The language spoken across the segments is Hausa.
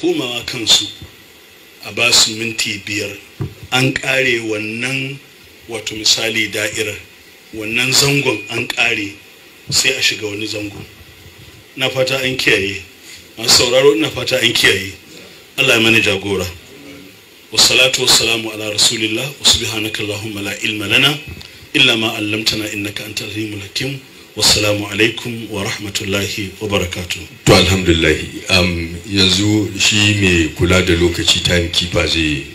komawa kansu a ba su minti biyar an ƙare wannan wato misali da'irar wannan zangon an ƙare sai a shiga wani zango na fata an kiyaye masu sauraro ina fata an kiyaye allah ya mana jagora wasalatu wasalamu ala rasulillah wasu bihanaka allahumma la ilma lana illa ma allamtana innaka antal alimul hakim wasalamu alaikum wa rahmatullahi wa barakatu to alhamdulahi um, yanzu shi mai kula da lokaci timekeeper zai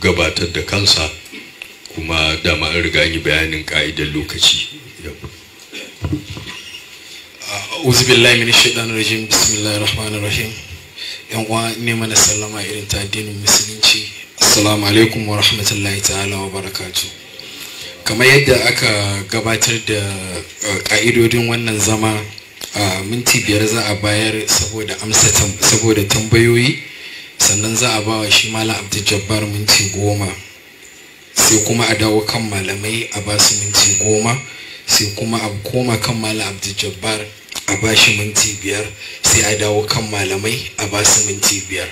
gabatar da kansa kuma dama an riga yi bayanin ka'idar lokaci uzu billahi min rajim bismillahir rahmanir rahim yan uwa ne mana sallama irin ta addinin musulunci assalamu alaikum wa rahmatullahi ta'ala wa barakatuh kamar yadda aka gabatar da uh, ƙa'idodin wannan zama a minti biyar za a bayar saboda amsa tambayoyi sannan za a ba wa shi malam abdul minti goma sai kuma a dawo kan malamai a ba su minti goma sai kuma a koma kan malam abdul a ba shi minti biyar sai a dawo kan malamai a ba su minti biyar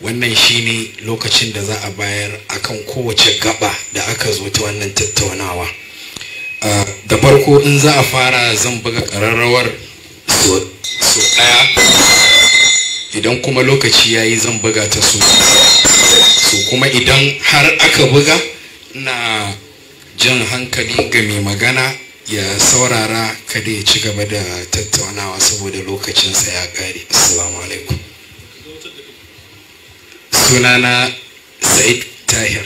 wannan shine lokacin da za a bayar a kan kowace gaba da aka zo ta wannan tattaunawa ah, da farko in za a fara zan buga ƙararrawar so ɗaya idan kuma lokaci ya yi zan buga ta so so kuma idan har aka buga na jan hankali ga mai magana ya saurara kada ya ci gaba da tattaunawa saboda lokacinsa ya ƙare assalamu alaikum sunana sa'id tahir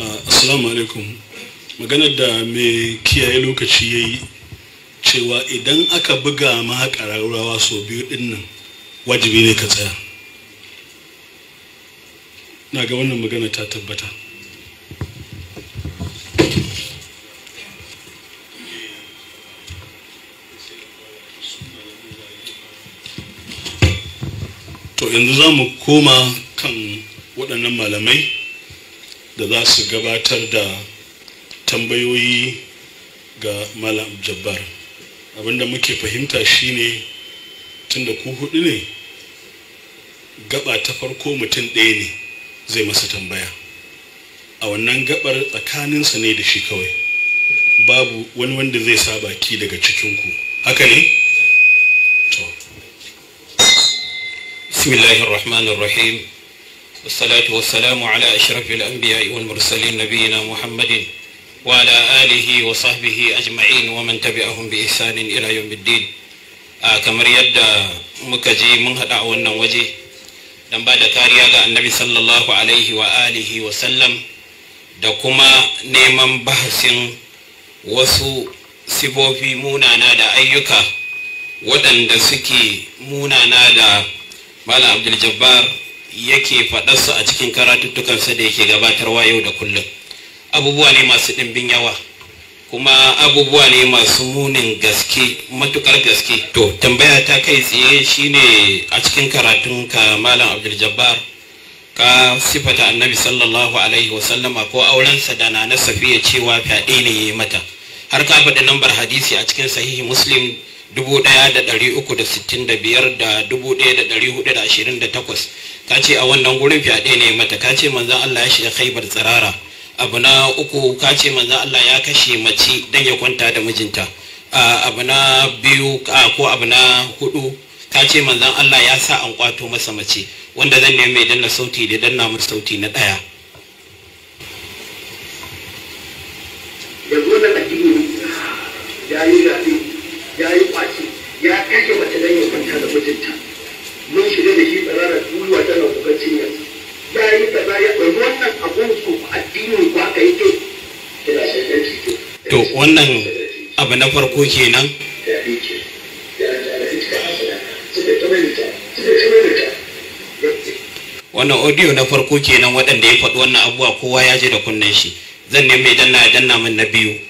ah, assalamu alaikum maganar da mai kiyaye lokaci ya yi cewa idan aka buga ma ƙararrawa sau biyu din nan wajibi ne ka tsaya na ga wannan magana ta tabbata yanzu za mu koma kan waɗannan malamai da za su gabatar da tambayoyi ga malam jabbar abinda muke fahimta shine tunda ku hudu ne gaba ta farko mutum ɗaya ne zai masa tambaya a wannan gabar tsakaninsa ne da shi kawai babu wani wanda zai sa baki daga cikinku haka ne? بسم الله الرحمن الرحيم والصلاة والسلام على أشرف الأنبياء والمرسلين نبينا محمد وعلى آله وصحبه أجمعين ومن تبعهم بإحسان إلى يوم الدين kamar yadda muka je mun haɗa a wannan waje dan ba da kariya ga annabi sallallahu alaihi wa alihi wa sallam da kuma neman bahasin wasu sifofi munana da ayyuka waɗanda suke munana da malam abdul jabbar yake su a cikin karatuttukansa da yake gabatarwa yau da kullum abubuwa ne masu ɗimbin yawa kuma abubuwa ne masu munin gaske matukar gaske to tambaya ta kai tsaye shine a cikin karatun ka malam abdul jabbar ka sifata annabi sallallahu alaihi wasallama ko aurensa da na safiya cewa fyaɗe ne ya yi mata har ka faɗi lambar hadisi a cikin sahihi muslim 1,365 da takwas ka ce a wannan gurin fyaɗe ne mata ka ce manzan Allah ya shiga khaibar tsirara abu na uku ka ce manzan Allah ya kashe mace don ya kwanta da mijinta abu na biyu ko abu na hudu ka ce manzan Allah ya sa an kwato masa mace wanda zan nemi danna sauti da danna masa sauti na ɗaya ya kashe mace don ya kwanta da mijinta mun shirya da shi tsararar duniya tana kukan cinya ya yi kaza ya ɗauki wannan abun ku addinin ku haka yake kina shaidar ciki to wannan abu na farko kenan wannan audio na farko kenan waɗanda ya faɗi wannan abuwa kowa ya je da kunnen shi zan nemi danna danna min na biyu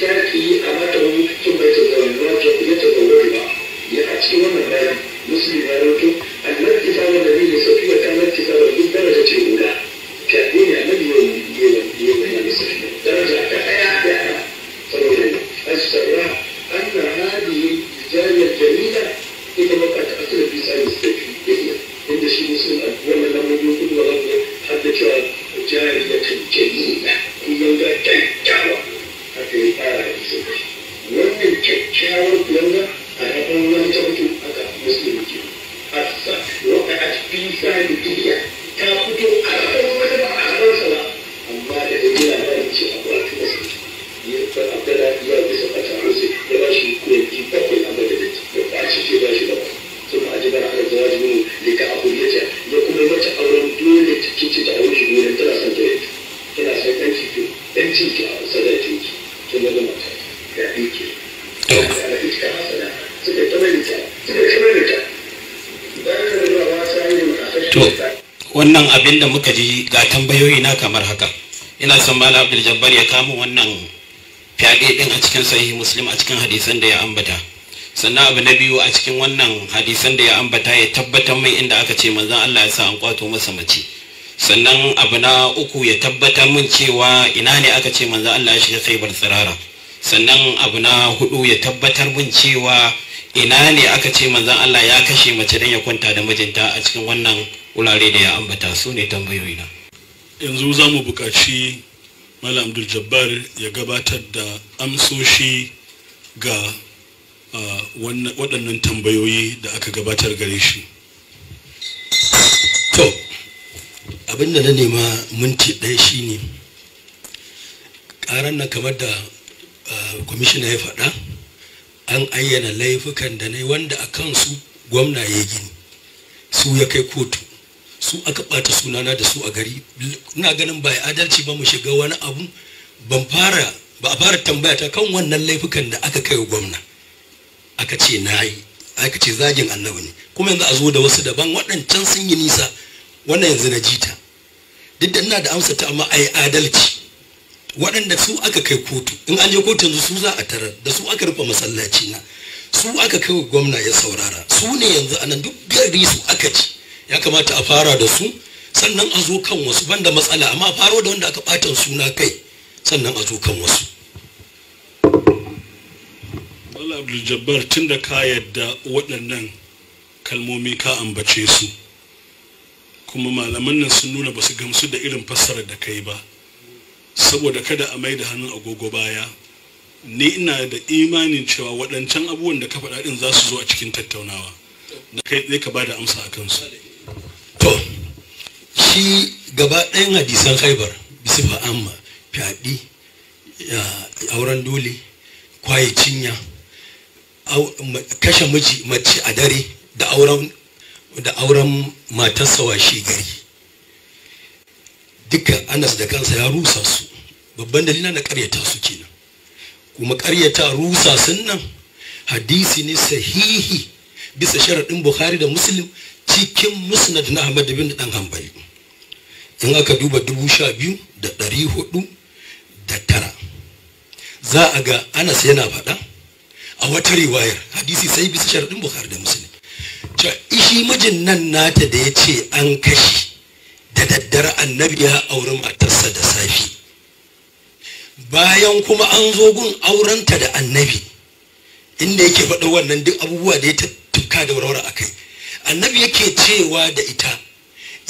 kafiri a mata wani cikin bai ya ta zaune ba ya a cikin wannan bayan musulmi ya roto annan kisa wanda duk ce guda you the hear. wannan abin da muka ji ga tambayoyi na kamar haka ina son malam abdul jabbar ya kama wannan fyaɗe ɗin a cikin sahihi muslim a cikin hadisan da ya ambata sannan abu na biyu a cikin wannan hadisan da ya ambata ya tabbatar mai inda aka ce manzon Allah ya sa an kwato masa mace sannan abu na uku ya tabbatar min cewa ina ne aka ce manzon Allah ya shiga bar tsirara sannan abu na hudu ya tabbatar min cewa ina ne aka ce manzan Allah ya kashe mace don ya kwanta da mijinta a cikin wannan wurare da ya ambata su ne tambayoyi yanzu za mu buƙaci malam abdul jabbar ya gabatar da amsoshi ga waɗannan tambayoyi da aka gabatar gare shi to da na nema minti ɗaya shi ne, ƙaran na kamar da kwamishina ya faɗa an ayyana laifukan da ne wanda a kansu gwamna ya gini su ya kai kotu su aka ɓata sunana da su a gari ina ganin ba adalci ba mu shiga wani abu ban fara ba a fara tambaya ta kan wannan laifukan da aka kai gwamna aka ce na yi aka ce zagin annabi ne kuma yanzu a zo da wasu daban waɗancan sun yi nisa wannan yanzu na jita duk da ina da amsa ta amma ai adalci waɗanda su aka kai kotu in an je kotu yanzu su za a tarar da su aka rufe masallaci na su aka kai wa gwamna ya saurara su ne yanzu anan duk gari su aka ci ya kamata a fara da su sannan a zo kan wasu banda matsala amma a faro da wanda aka ɓatan suna kai sannan a zo kan wasu Wala Abdul tun da ka yadda waɗannan kalmomi ka ambace su kuma malaman nan sun nuna ba su gamsu da irin fassarar da kai ba saboda kada a mai da hannun agogo baya ni ina da imanin cewa waɗancan abubuwan da ka ɗin za su zo a cikin tattaunawa da kai zai ka ba amsa a kansu to shi gaba ɗayan hadisan haibar bisifa amma fyaɗi auren dole kwaye cinya kashe miji mace a dare da auren da auren matarsa washe gari duka anas da kansa ya rusa su babban dalilin na karyata su kenan kuma karyata rusa sun hadisi ne sahihi bisa sharaɗin bukhari da muslim cikin musnad na ahmad bin dan hanbali in aka duba dubu sha biyu da ɗari hudu da tara za a ga anas yana faɗa a wata riwayar hadisi sai bisa sharaɗin bukhari da muslim cewa ishi mijin nan nata da ya ce an kashi da daddare annabi ya auri matarsa da safe bayan kuma an zo gun aurenta da annabi inda yake faɗa wannan duk abubuwa da ya tattuka da warware a kai annabi yake cewa da ita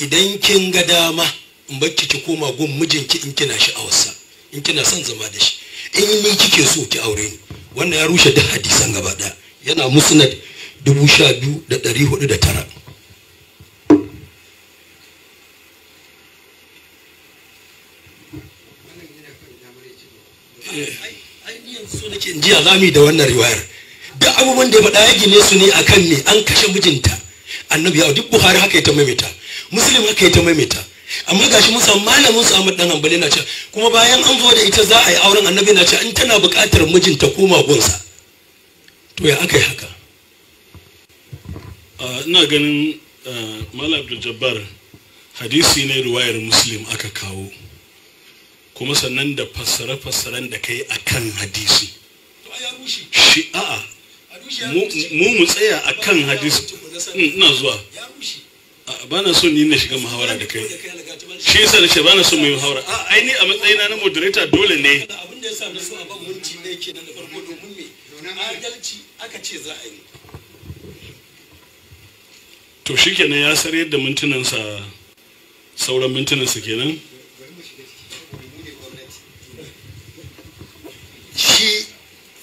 idan kin ga dama in bakki ki koma gun mijinki in kina sha'awarsa in kina son zama da shi in ni kike so ki aure ni wannan ya rushe duk hadisan gaba ɗaya yana musnad dubu sha biyu da ɗari hudu da tara ainihin so nake jiya zami da wannan riwayar duk abubuwan da ya faɗa ya gine su ne a kan ne an kashe mijinta annabi ya duk buhari haka ya ta maimaita muslim haka ya ta maimaita amma ga shi musa malamin su Ahmad dan Hanbali na ce kuma bayan an zo da ita za a yi auren annabi na ce in tana buƙatar mijinta ko gunsa to ya aka yi haka ina ganin eh, malam Abdul Jabbar hadisi ne riwayar muslim aka kawo kuma sannan da fassare-fassaren da kai kan hadisi shi a'a mu mu tsaya a kan hadisi mm, ina zuwa ba na so ni na shiga muhawara da kai shi yasa da shi ba na so mu yi muhawara a ai ni a matsayina na moderator dole ne to shi na kenan ya sare da mintunansa sauran mintunansa kenan shi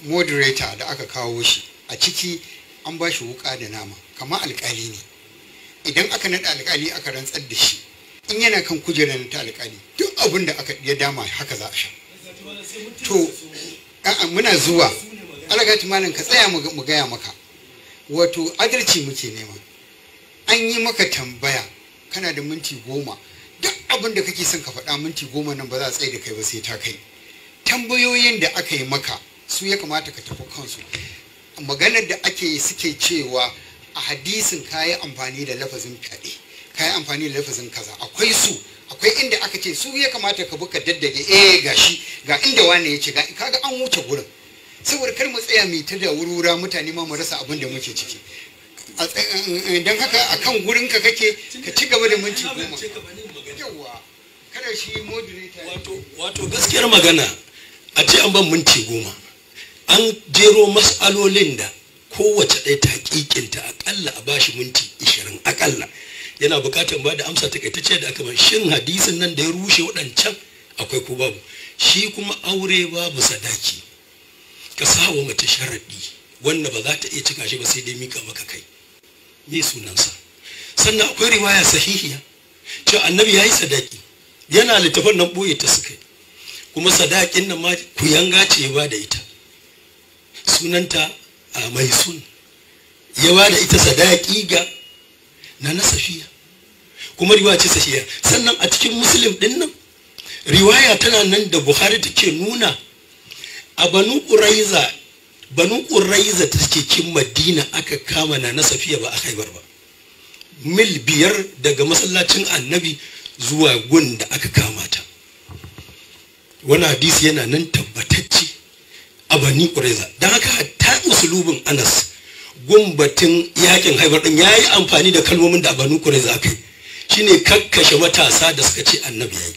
moderator da aka kawo shi a ciki an ba shi wuka da nama kama alkali ne idan aka naɗa alkali aka rantsar da shi in yana kan kujerar ta alkali duk abin da aka ya dama haka za a sha to a'a muna zuwa alagati malam ka tsaya mu gaya maka wato adalci muke nema an yi maka tambaya kana da minti goma duk abin da kake son ka faɗa minti goma nan ba za a tsaye da kai ba sai ta kai tambayoyin da aka yi maka su ya kamata ka tafi kansu maganar da ake suke cewa a hadisin ka yi amfani da lafazin ka yi amfani da lafazin kaza akwai su akwai inda aka ce su ya kamata ka buka daddage eh gashi ga inda wane ya ce ga kaga an wuce gurin saboda kar mu tsaya mu ta da wurwura mutane ma mu rasa abin da muke ciki eh, eh, don haka akan gurin ka kake ka ci gaba da minti goma yawa kada shi moderator wato gaskiyar magana a ce an ban minti goma an jero matsalolin da kowace ɗaya ta hakikinta akalla a bashi minti ishirin akalla yana bukatar ba da amsa takaitacce da aka ban shin hadisin nan da ya rushe waɗancan akwai ko babu shi kuma aure babu sadaki ka sawa mace sharaɗi wanda ba za ta iya cika shi ba sai dai mika maka kai me sunansa sannan akwai riwaya sahihiya cewa annabi ya yi sadaki yana littafin nan ɓoye ta suka yi kuma sadakin nan ma ku yanga ce ba da ita sunanta a mai sun ya ba da ita sadaki ga na na safiya kuma riwaya ce safiya sannan a cikin muslim din nan riwaya tana nan da buhari take nuna a banu ƙuraiza banu ƙuraiza ta cikin madina aka kama na na safiya ba a haibar ba mil biyar daga masallacin annabi zuwa gun da aka kama ta wani hadisi yana nan tabbatacce a bani ƙureza don haka hatta musulubin anas gumbatin yakin haifar ɗin ya yi amfani da kalmomin da bani ƙureza kai. Shi ne kakkashe matasa da suka ce annabi ya yi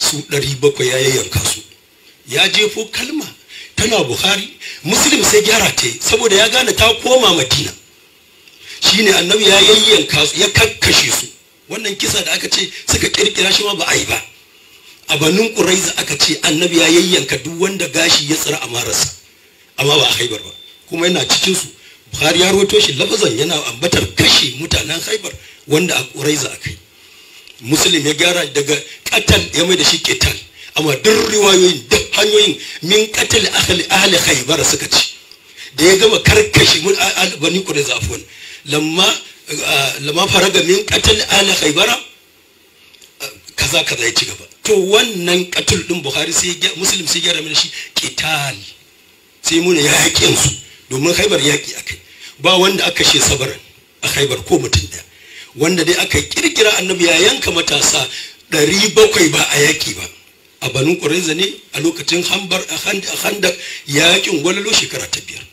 su ɗari bakwai ya yi yanka su ya jefo kalma tana buhari musulun sai gyara ta saboda ya gane ta koma madina Shi ne annabi ya yi yanka su ya kakkashe su wannan kisa da aka ce suka ƙirƙira shi ma ba a yi ba a banin ƙuraiza aka ce annabi ya yayyanka duk wanda gashi ya tsira a marasa amma ba a haibar ba kuma yana cikin su buhari ya rawaito shi lafazan yana ambatar kashe mutanen haibar wanda a ƙuraiza aka yi muslim ya gyara daga katal ya mai da shi ketal amma duk riwayoyin duk hanyoyin min katal ahli ahli haibar suka ci da ya gama karkashe banin ƙuraiza afwan lamma lamma faraga min katal ahli haibara kaza kaza ya ci gaba to wannan katul din buhari sai muslim sai gyara mana shi qital sai muna yakin su domin haibar yaƙi akai ba wanda aka she sabar a haibar ko mutum da wanda dai aka kirkira annabi ya yanka matasa ɗari bakwai ba a yaƙi ba a banu ƙuraiza ne a lokacin hambar a handa yaƙin gwalalo shekara ta biyar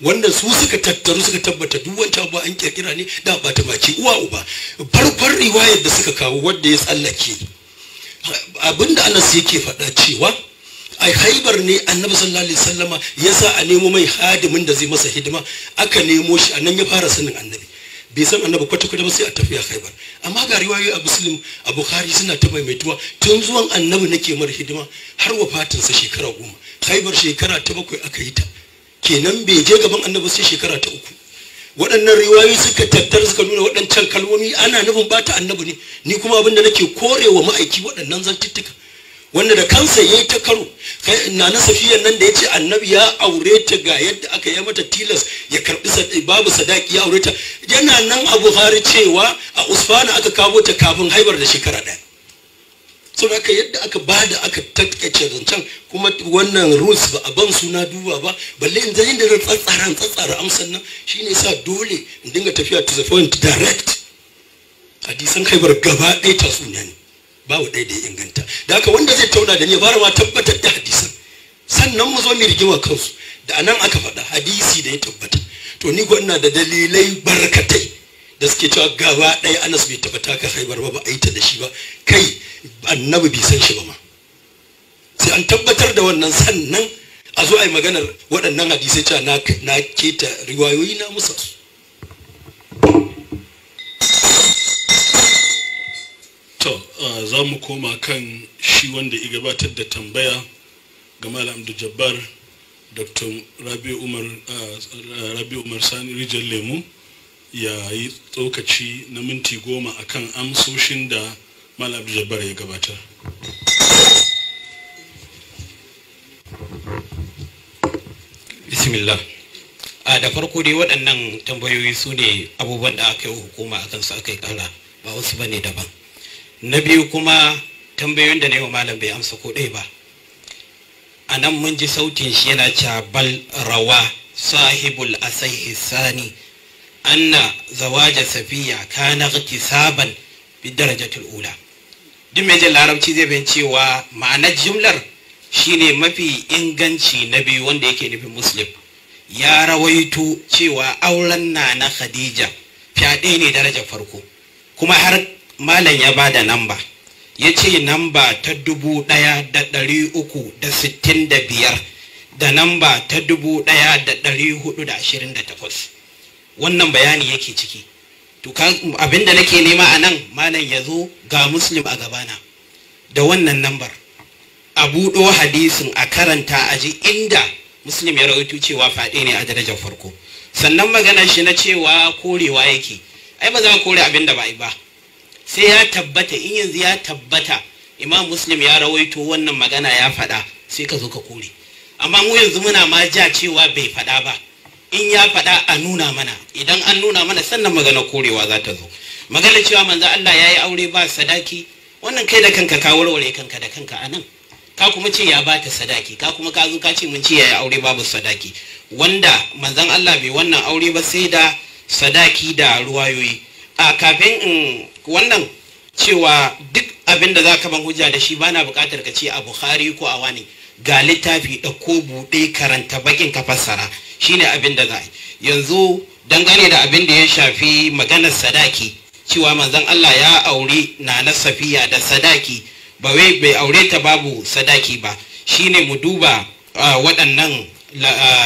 wanda su suka tattaru suka tabbata duk wancan abu an kirkira ne da ba ta baki uwa uba farkon riwayar da suka kawo wanda ya tsallake Abin abinda anas yake faɗa cewa a haibar ne annabi sallallahu alaihi wasallama ya sa a nemo mai hadimin da zai masa hidima aka nemo shi a nan ya fara sanin annabi bai san annabi kwata kwata ba sai a tafiya haibar amma ga riwayoyi a muslim a bukhari suna ta maimaituwa tun zuwan annabi nake mar hidima har wafatinsa shekara goma haibar shekara ta bakwai aka yi ta kenan bai je gaban annabi sai shekara ta uku waɗannan riwayoyi suka tattara suka nuna waɗancan kalmomi ana nufin ba ta annabi ne ni kuma abinda nake kore wa ma'aiki waɗannan zantuttuka wanda da kansa ya yi ta karo na na safiyan nan da ya ce annabi ya aure ta ga yadda aka yi mata tilas ya karɓi babu sadaki ya aure ta yana nan a buhari cewa a usfana aka kawo ta kafin haibar da shekara ɗaya saboda yadda aka bada aka tattace zancen kuma wannan rules ba a ban suna duba ba balle in zai da tsatsara tsatsara amsan nan shine sa dole in dinga tafiya to the point direct hadisan bar gaba ɗaya suna ne wa ɗaya da ya inganta da haka wanda zai tauna da ni bara ma tabbatar da hadisan sannan mu zo mu rigima kansu da anan aka faɗa hadisi da ya tabbata to ni gwanna da dalilai barkatai Gaske suke cewa gaba ɗaya anas bai taɓa taka haibar ba ba a yi ta da shi ba kai annabi bai san shi ba ma sai an tabbatar da wannan sannan a zo a yi maganar waɗannan hadisai cewa na keta riwayoyi na musa su to za mu koma kan shi wanda ya gabatar da tambaya ga malam abdul jabbar dr rabi umar sani rijal lemu ya yi tsokaci na minti goma akan amsoshin da malam jabbar ya gabata. bismillah a da farko dai waɗannan tambayoyi su ne abubuwan da aka yi hukuma akan su aka yi kara ba wasu ba ne daban na biyu kuma tambayoyin da na yi wa malam bai amsa ko ɗaya ba a nan mun ji sautin shi yana cabal rawa sahibul asai sani anna zawaja safiya kana saban bi darajatul ula duk mai jin larabci zai bayan cewa ma'anar jimlar shine mafi inganci na biyu wanda yake nufin muslim ya rawaito cewa auren na na khadija fyaɗe ne daraja farko kuma har malam ya ba da namba ya ce namba ta dubu ɗaya da ɗari uku da sittin da biyar da namba ta dubu ɗaya da ɗari hudu da ashirin da takwas wannan bayani yake ciki to abinda nake nema a nan malam ya zo ga muslim a gabana da wannan lambar a buɗo hadisin a karanta a ji inda muslim ya rawaito cewa faɗi ne a darajar farko sannan magana shi na cewa korewa yake ai ba za a kore abin da ba ba sai ya tabbata in yanzu ya tabbata imam muslim ya rawaito wannan magana ya faɗa sai ka zo ka kore amma mu yanzu muna ma ja cewa bai faɗa ba in ya faɗa a nuna mana idan an nuna mana sannan magana korewa za ta zo magana cewa manzo Allah ya yi aure ba sadaki wannan kai da kanka ka warware kanka da kanka a nan ka kuma ce ya bata sadaki ka kuma ka zo ka ce mun ce ya yi aure babu sadaki wanda manzon Allah bai wannan aure ba sai da sadaki da ruwayoyi a kafin in wannan cewa duk abin da za ka ban hujja da shi bana buƙatar ka ce a Bukhari ko a wani ga littafi ɗauko buɗe karanta bakin ka fassara shine abin da za yanzu dangane da abin da ya shafi maganar sadaki cewa manzon Allah ya aure nana safiya da sadaki ba wai bai aure ta babu sadaki ba shine mu duba waɗannan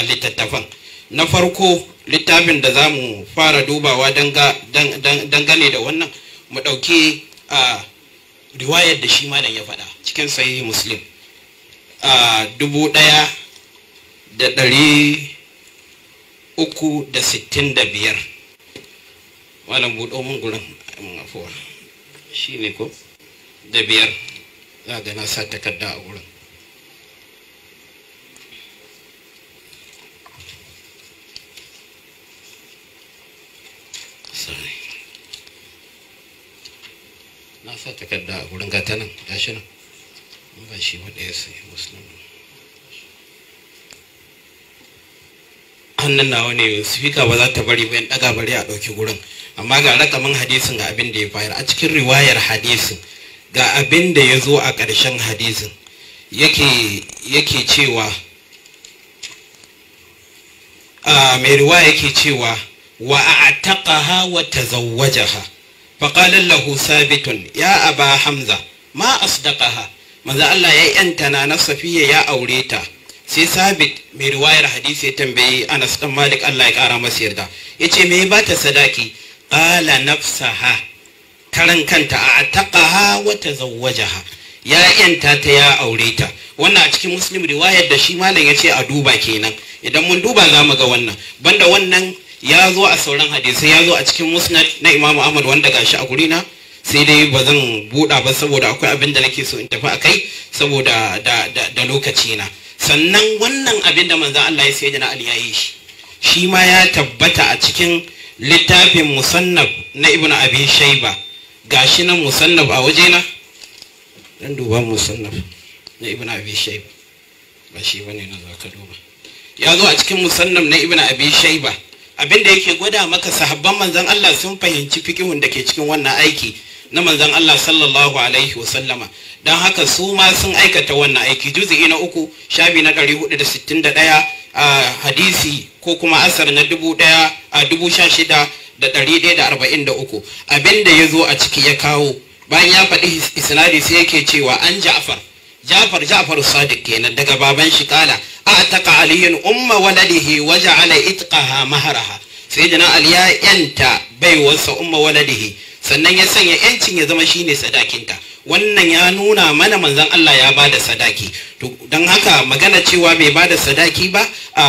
littattafan na farko littafin da za mu fara dubawa dangane da wannan mu ɗauki riwayar da shi malam ya faɗa cikin sahihi muslim a dubu ɗaya da ɗari uku da sittin da biyar malam buɗo mun gurin afuwa shi ne ko da biyar za ga na sa takarda a gurin na sa takarda a gurin gata nan gashi nan in ba shi ba ɗaya hannun nawa ne sifika ba za ta bari bayan daga ɗaga bari a ɗauki gurin amma ga rakamin hadisin ga abin da ya bayar a cikin riwayar hadisin ga abin da ya zo a ƙarshen hadisin yake cewa a mai riwaya yake cewa wa a taƙa ha wa tazawwajaha faƙalar lahu sabitun ya aba hamza ma asdaqaha Maza Allah ya yanta na na safiya ya aure ta sai sabit mai riwayar hadisi ya tambayi anas dan malik Allah ya kara masa yarda yace me ba ta sadaki qala nafsaha karan kanta a taqaha wa tazawwajaha ya yanta ta ya aure ta wannan a cikin muslim riwayar da shi malam ya ce a duba kenan idan mun duba za mu ga wannan banda wannan ya zo a sauran hadisai ya zo a cikin musnad na imamu ahmad wanda gashi a gurina na sai dai ba zan buɗa ba saboda akwai abin da nake so in tafi akai saboda da lokaci na sannan wannan abin da manzo Allah ya sayyana na Ali ya yi shi shi ma ya tabbata a cikin littafin musannaf na Ibn Abi Shayba gashi nan musannaf a waje na dan duba musannaf na Ibn Abi Shayba ba shi bane na zaka duba ya zo a cikin musannaf na Ibn Abi Shayba abin da yake gwada maka sahabban manzon Allah sun fahimci fikihun da ke cikin wannan aiki na manzan Allah sallallahu alaihi wa sallama dan haka su ma sun aikata wannan aiki juz'i na uku shabi na 461 a hadisi ko kuma asar na ɗaya a 16143 abinda ya zo a ciki ya kawo bayan ya faɗi isnadi sai yake cewa an Ja'far Ja'far Ja'far Sadiq kenan daga baban shi kala taka aliyun umma waladihi wajen ala itqaha maharaha sayyidina ali ya yanta baiwarsa umma waladihi sannan ya sanya yancin ya zama shine sadakinta wannan ya nuna mana manzon Allah ya bada sadaki to don haka magana cewa bai bada sadaki ba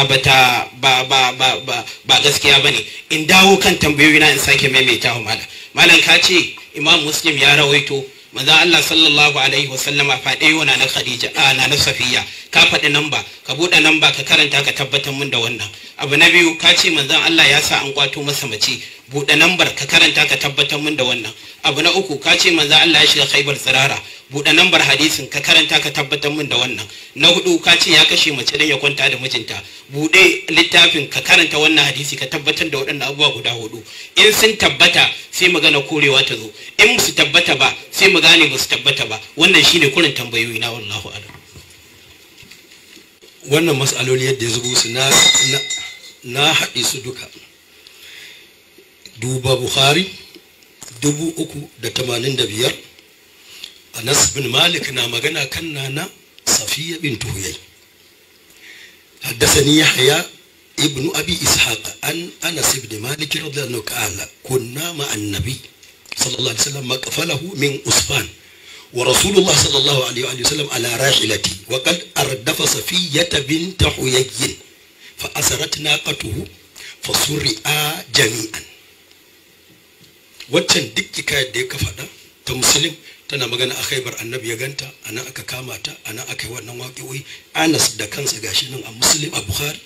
bata ba ba ba ba ba gaskiya bane in dawo kan tambayoyina in sake maimaita malam malam ka ce imam muslim ya rawaito manzon Allah sallallahu alaihi wasallama faɗe wa na Khadija a na Safiya ka faɗi namba ka buɗe namba ka karanta ka tabbatar mun da wannan abu na biyu ka ce manzon Allah ya sa an kwato masa mace buɗe lambar ka karanta ka tabbatar min da wannan abu na uku ka ce manzo Allah ya shiga Khaibar tsirara buɗe lambar hadisin ka karanta ka tabbatar min da wannan na hudu ka ce ya kashe mace dan ya kwanta da mijinta buɗe littafin ka karanta wannan hadisi ka tabbatar da waɗannan abubuwa guda hudu in sun tabbata sai magana korewa ta zo in su tabbata ba sai mu gane ba su tabbata ba wannan shine kurin tambayoyi na wallahu a'lam wannan mas'aloli yadda ya zubo su na na haɗe su duka duba bukhari dubu uku da tamanin da biyar anas bin malik na magana kan nana safiya bin tuhuyai haddasani yahya ibn abi ishaq an anas ibn malik radiyallahu ta'ala kunna ma annabi sallallahu alaihi wasallam maqfalahu min usfan ورسول الله صلى الله عليه وآله وسلم على راحلتي وقد أردف صفية بنت حيي فأسرت ناقته فسرئا جميعا waccan duk hikayar da ya faɗa ta musulun tana magana a haibar annabi ya ganta a nan aka kama ta a nan aka yi wannan waƙi'o'i anas da kansa gashi nan a musulun a buhari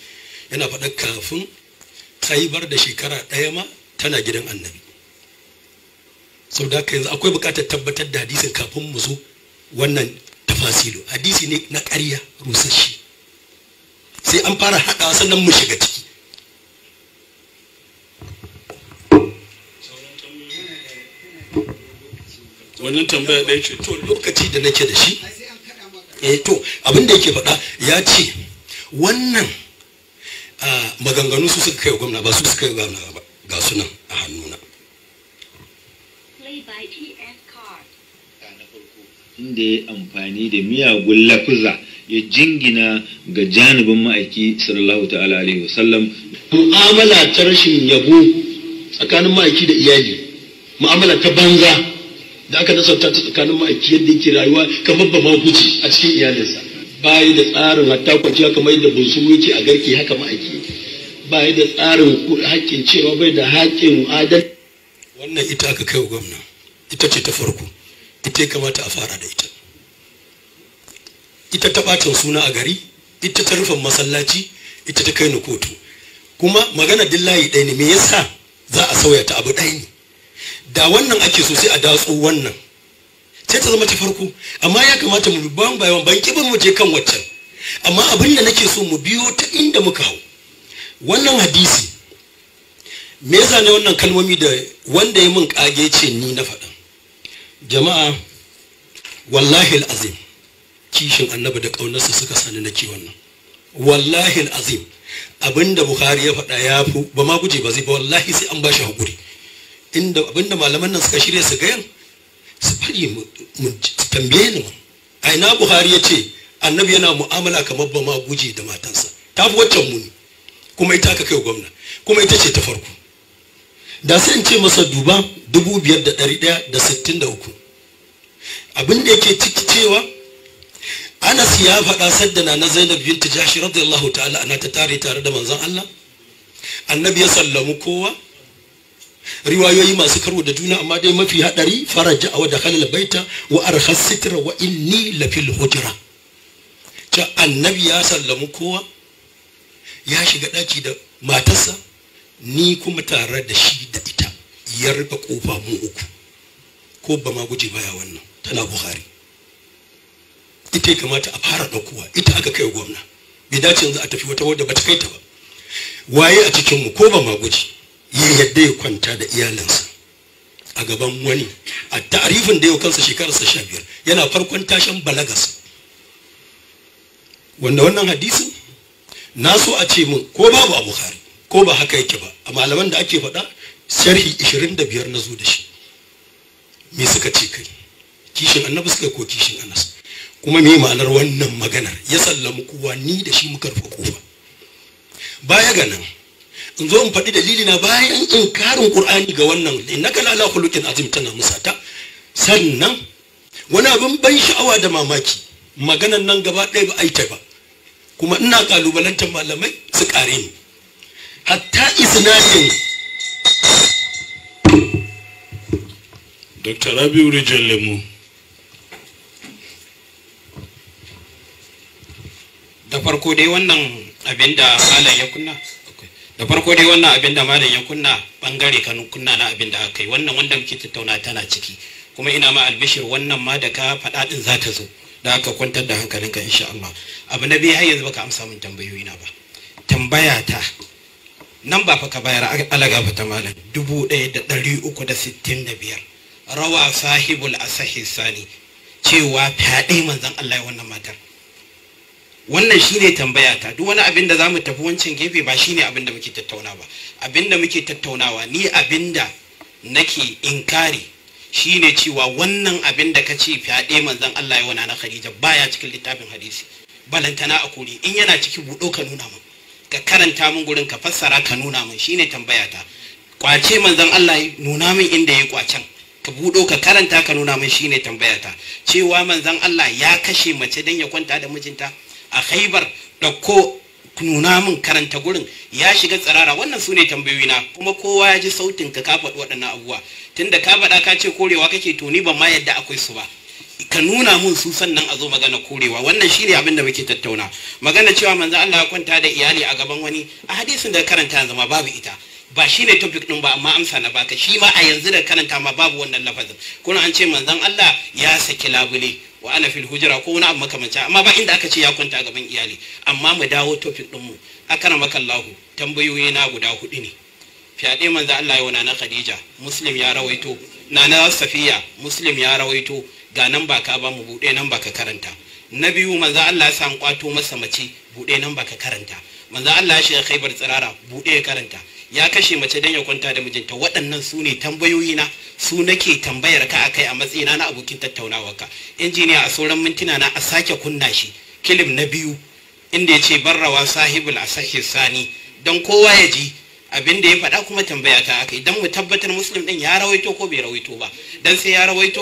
yana faɗa kafin haibar da shekara ɗaya ma tana gidan annabi sau da haka yanzu akwai buƙatar tabbatar da hadisin kafin mu zo wannan tafasilu hadisi ne na ƙarya rusasshe sai an fara haɗa sannan mu shiga ciki wannan tambaya ɗaya ce to lokaci da nake da shi eh to abin da yake faɗa ya ce wannan maganganu su suka kai gwamna ba su suka kai gwamna ba ga sunan a hannuna inda ya amfani da miyagun lafuza ya jingina ga janibin ma'aiki sallallahu ta'ala alaihi wasallam mu'amala ta rashin yabo tsakanin ma'aiki da iyali mu'amala ta banza da aka nasauta ta tsakanin ma'aiki yadda yake rayuwa kamar ba ma guji a cikin iyalinsa bayi da tsarin hatta kwanciya kamar yadda bunsu yake a garke haka ma'aiki bayi da tsarin haƙƙin cewa bai da haƙƙin adal wannan ita aka kai wa gwamna ita ce ta farko ita ya kamata a fara da ita ita ta ɓatan suna a gari ita ta rufin masallaci ita ta kai ni kotu kuma magana dillahi ɗaya ne me yasa za a sauya ta abu ɗaya ne da wannan ake so sai a datso wannan sai ta zama ta farko amma ya kamata mu ban bayan ban kibin mu je kan waccan amma abin da nake so mu biyo ta inda muka hau wannan hadisi me yasa ne wannan kalmomi da wanda ya mun kage ce ni na faɗa jama'a wallahi alazim kishin annabi da kaunarsa suka sani nake wannan wallahi alazim abinda bukhari ya faɗa ya fi ba ma guje ba zai ba wallahi sai an bashi hakuri inda abinda malaman nan suka shirya su gayan su fari mu tambaye ni a ina buhari ya ce annabi yana mu'amala kamar ba ma guji da matansa ta fi waccan muni kuma ita ka kai gwamna kuma ita ce ta farko da sai in ce masa duba dubu biyar da ɗari ɗaya da sittin da uku abin yake ciki cewa anas ya faɗa sadda na na zainab binta jashi radiyallahu ta'ala ana ta tare tare da manzon allah annabi ya sallamu kowa riwayoyi masu karo da juna amma dai mafi hadari faraja wadda dakhala baita wa arhas sitra wa inni lafil hujra ta annabi ya sallamu kowa ya shiga daki da matarsa ni kuma tare da shi da ita ya rufe kofa mu uku ko ba ma guje baya wannan tana buhari ita ya kamata a fara ɗaukowa ita aka kai gwamna bai dace yanzu a tafi wata wadda ba ta kai ta ba waye a cikin mu ko ba ma guji ya yadda ya kwanta da iyalinsa a gaban wani a tarifin da yau kansa shekararsa sha biyar yana farkon tashin balagas wanda wannan hadisi na so a ce min ko babu a bukhari ko ba haka yake ba a malaman da ake faɗa sharhi 25 na zo da shi me suka ce kai kishin annabi suka ko kishin anas kuma me ma'anar wannan maganar ya sallamu kowa ni da shi muka rufe kofa baya ga nan in zo in faɗi dalili na bayan in karin ƙur'ani ga wannan innaka la ala khuluqin azim tana musata sannan wani abin ban sha'awa da mamaki maganan nan gaba ɗaya ba aita ba kuma ina kalubalantar malamai su ƙare ni hatta isnadin Dr. Rabiu Rijal Lemu da farko dai wannan abin da kunna da farko dai wannan abin da malam ya kunna bangare kan kunna na abin da aka yi wannan wanda muke tattauna tana ciki kuma ina ma albishir wannan ma da ka faɗa din za ta zo da aka kwantar da hankalinka insha Allah abu na biyu har yanzu baka amsa min tambayoyi na ba tambaya ta nan ba fa ka bayar alaga ta malam dubu ɗaya da ɗari uku da sittin da biyar rawa sahibul asahi sani cewa fyaɗe manzon Allah ya wannan matar wannan shine tambaya ta duk wani abin da za mu tafi wancan gefe ba shine abin da muke tattauna ba abin da muke tattaunawa ni abin da nake inkari shine cewa wannan abin da kace fyaɗe manzon Allah ya wana na Khadija baya cikin littafin hadisi balantana a kuri in yana ciki buɗo ka nuna min ka karanta min gurin ka fassara ka nuna min shine tambaya ta kwace manzon Allah nuna min inda ya kwacen ka buɗo ka karanta ka nuna min shine tambaya ta cewa manzon Allah ya kashe mace dan ya kwanta da mijinta a khaibar ɗauko nuna min karanta gurin ya shiga tsirara wannan su ne tambayoyi na kuma kowa ya ji sautin ka ka faɗi waɗannan abubuwa tunda ka faɗa ka ce korewa kake toni ni ban ma yadda akwai su ba ka nuna mun su sannan a zo magana korewa wannan shine abin da muke tattauna magana cewa manzo Allah ya kwanta da iyali a gaban wani a hadisin da karanta yanzu ma babu ita ba shi ne topic ɗin ba amma amsa na baka shi ma a yanzu da karanta ma babu wannan lafazin kuma an ce manzon Allah ya saki labule wa ana fil hujra ko wani abu makamanci amma ba inda aka ce ya kwanta gaban iyali amma mu dawo topic din mu akana makallahu tambayoyi na guda hudu ne fyaɗe manzo Allah ya wana na Khadija muslim ya rawaito nana Safiya muslim ya rawaito ga nan ba ka ba mu buɗe nan ba ka karanta na biyu manzo Allah ya san kwato masa mace buɗe nan ba ka karanta manzo Allah ya shiga Khaibar tsirara buɗe ya karanta ya kashe mace don ya kwanta da mijinta waɗannan su ne tambayoyi na su nake tambayar ka akai a matsayina na abokin tattaunawarka injiniya a sauran mintuna na a sake kunna shi kilim na biyu inda ya ce barrawa sahibul asahi sani don kowa ya ji abin da ya faɗa kuma tambaya ta akai don mu tabbatar musulun ɗin ya rawaito ko bai rawaito ba don sai ya rawaito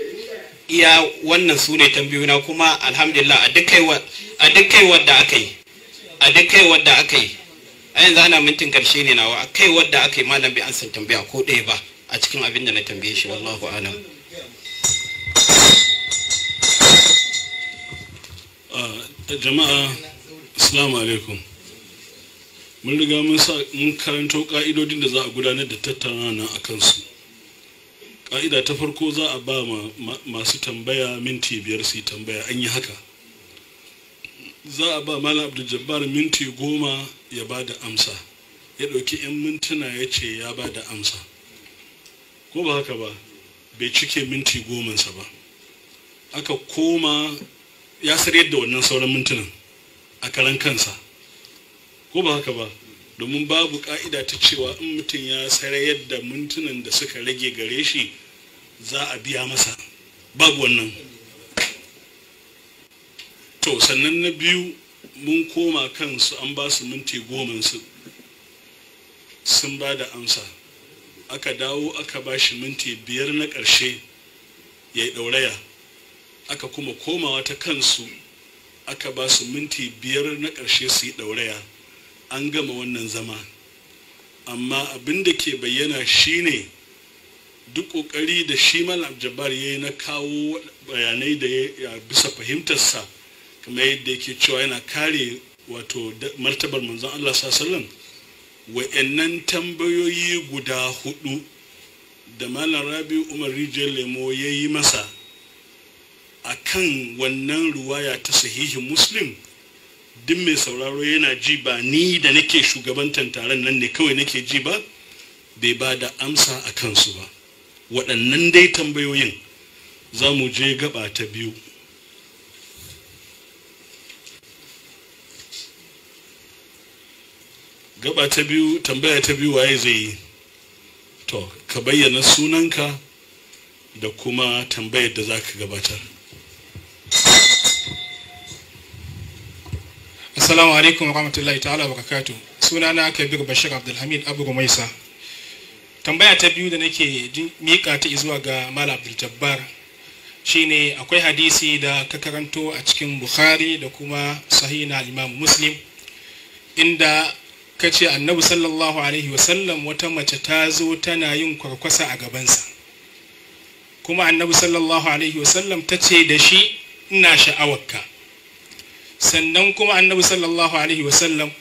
iya wannan su ne tambayoyina kuma alhamdulillah a duk kai wadda aka yi a duk kai wadda aka yi a yanzu ana mintin karshe ne nawa a kai wadda aka yi malam bai an san tambaya ko ɗaya ba a cikin abin da na tambaye shi wallahu alam jama'a assalamu alaikum mun riga mun karanto ka'idodin da za a gudanar da tattaunawa a kansu ƙa'ida ta farko za a ba masu tambaya minti biyar su tambaya an yi haka za a ba malam abdul jabbar minti goma ya ba da amsa ya ɗauki 'yan mintuna ya ce ya ba da amsa ko ba haka ba bai cike minti gomansa ba aka koma ya sarye da wannan sauran mintunan a karan kansa ko ba haka ba domin babu ka'ida ta cewa in mutum ya sarayar yadda mintunan da suka rage gare shi za a biya masa babu wannan to sannan na biyu mun koma kansu an ba su minti goma su sun ba da amsa aka dawo aka ba shi minti biyar na ƙarshe ya yi ɗauraya aka kuma komawa ta kansu aka ba su minti biyar na ƙarshe su yi ɗauraya an gama wannan zama amma abin da ke bayyana shine duk ƙoƙari da shi malam jabbar ya yi na kawo bayanai da ya bisa fahimtarsa kamar yadda yake cewa yana kare wato martabar manzon allah sallam wa'annan tambayoyi guda hudu da malam rabi umar rijiyar lemo ya yi masa a kan wannan ruwaya ta sahihin muslim duk mai sauraro yana ji ba ni da nake shugabantar taron nan ne kawai nake ji ba bai ba da amsa a kansu ba waɗannan dai tambayoyin za mu je gaba ta biyu gaba ta biyu tambaya ta biyu waye zai yi to ka bayyana sunanka da kuma tambayar da za ka gabatar Assalamu alaikum wa rahmatullahi ta'ala wa barakatu. Sunana Kabir Bashir Abdulhamid Abu Rumaisa. Tambaya ta biyu da nake mika ta zuwa ga mala Abdul Jabbar shine akwai hadisi da kakaranto a cikin Bukhari da kuma na Imam Muslim inda ka ce Annabi sallallahu alaihi wasallam wata mace ta zo tana yin kwarkwasa a gabansa. Kuma Annabi sallallahu alaihi wasallam ta ce da shi ina sha'awarka. sannan kuma annabi sallallahu alaihi wasallam